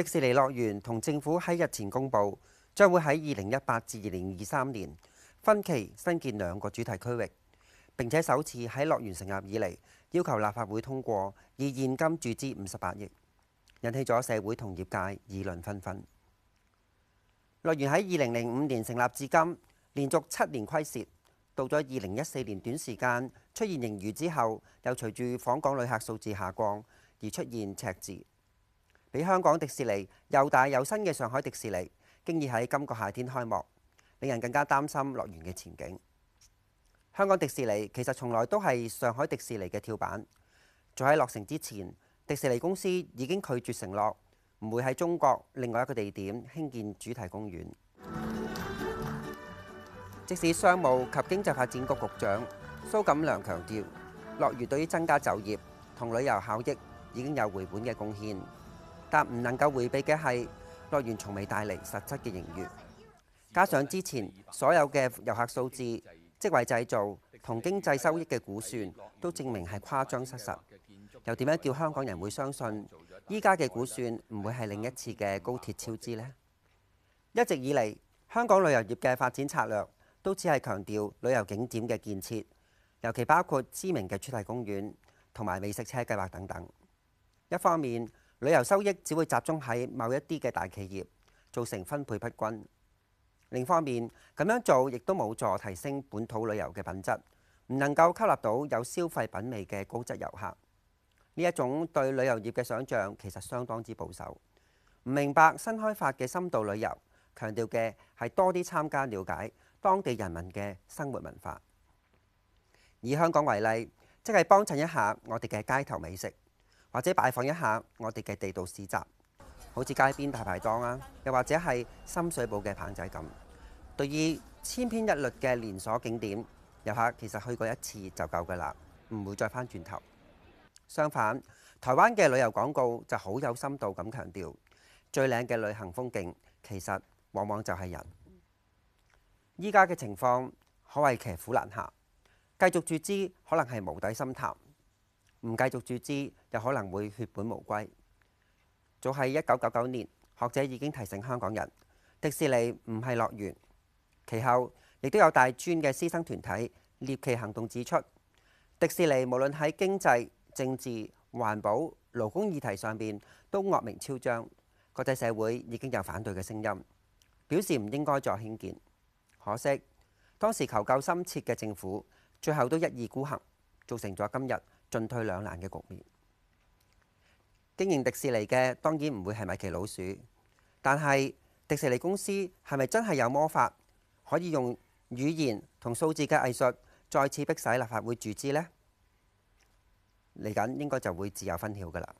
迪士尼樂園同政府喺日前公佈，將會喺二零一八至二零二三年分期新建兩個主題區域，並且首次喺樂園成立以嚟要求立法會通過，以現金注資五十八億，引起咗社會同業界議論紛紛。樂園喺二零零五年成立至今，連續七年虧蝕，到咗二零一四年短時間出現盈餘之後，又隨住訪港旅客數字下降而出現赤字。比香港迪士尼又大又新嘅上海迪士尼，經已喺今個夏天開幕，令人更加擔心樂園嘅前景。香港迪士尼其實從來都係上海迪士尼嘅跳板，早喺落成之前，迪士尼公司已經拒絕承諾唔會喺中國另外一個地點興建主題公園。 即使商務及經濟發展局局長蘇錦良強調，樂園對於增加就業同旅遊效益已經有回本嘅貢獻。但唔能夠迴避嘅係，樂園從未帶嚟實質嘅盈餘。加上之前所有嘅遊客數字、職位製造同經濟收益嘅估算，都證明係誇張失實。又點樣叫香港人會相信依家嘅估算唔會係另一次嘅高鐵超支呢？一直以嚟，香港旅遊業嘅發展策略都只係強調旅遊景點嘅建設，尤其包括知名嘅主題公園同埋美食車計劃等等。一方面，旅遊收益只會集中喺某一啲嘅大企業，造成分配不均。另一方面，咁樣做亦都冇助提升本土旅遊嘅品質，唔能夠吸納到有消費品味嘅高質遊客。呢一種對旅遊業嘅想像其實相當之保守，唔明白新開發嘅深度旅遊，強調嘅係多啲參加了解當地人民嘅生活文化。以香港為例，即係幫襯一下我哋嘅街頭美食。或者拜訪一下我哋嘅地道市集，好似街邊大排檔啊，又或者係深水埗嘅棒仔咁。對於千篇一律嘅連鎖景點，遊客其實去過一次就夠㗎啦，唔會再返轉頭。相反，台灣嘅旅遊廣告就好有深度咁強調，最靚嘅旅行風景其實往往就係人。依家嘅情況可謂騎虎難下，繼續注資可能係無底深潭。唔繼續注資，又可能會血本無歸。早喺一九九九年，學者已經提醒香港人，迪士尼唔係樂園。其後亦都有大專嘅師生團體獵奇行動指出，迪士尼無論喺經濟、政治、環保、勞工議題上邊都惡名昭彰，國際社會已經有反對嘅聲音，表示唔應該再興建。可惜當時求救深切嘅政府，最後都一意孤行，造成咗今日進退兩難嘅局面。經營迪士尼嘅當然唔會係米奇老鼠，但係迪士尼公司係咪真係有魔法，可以用語言同數字嘅藝術再次逼使立法會注資呢？嚟緊應該就會自有分曉噶啦。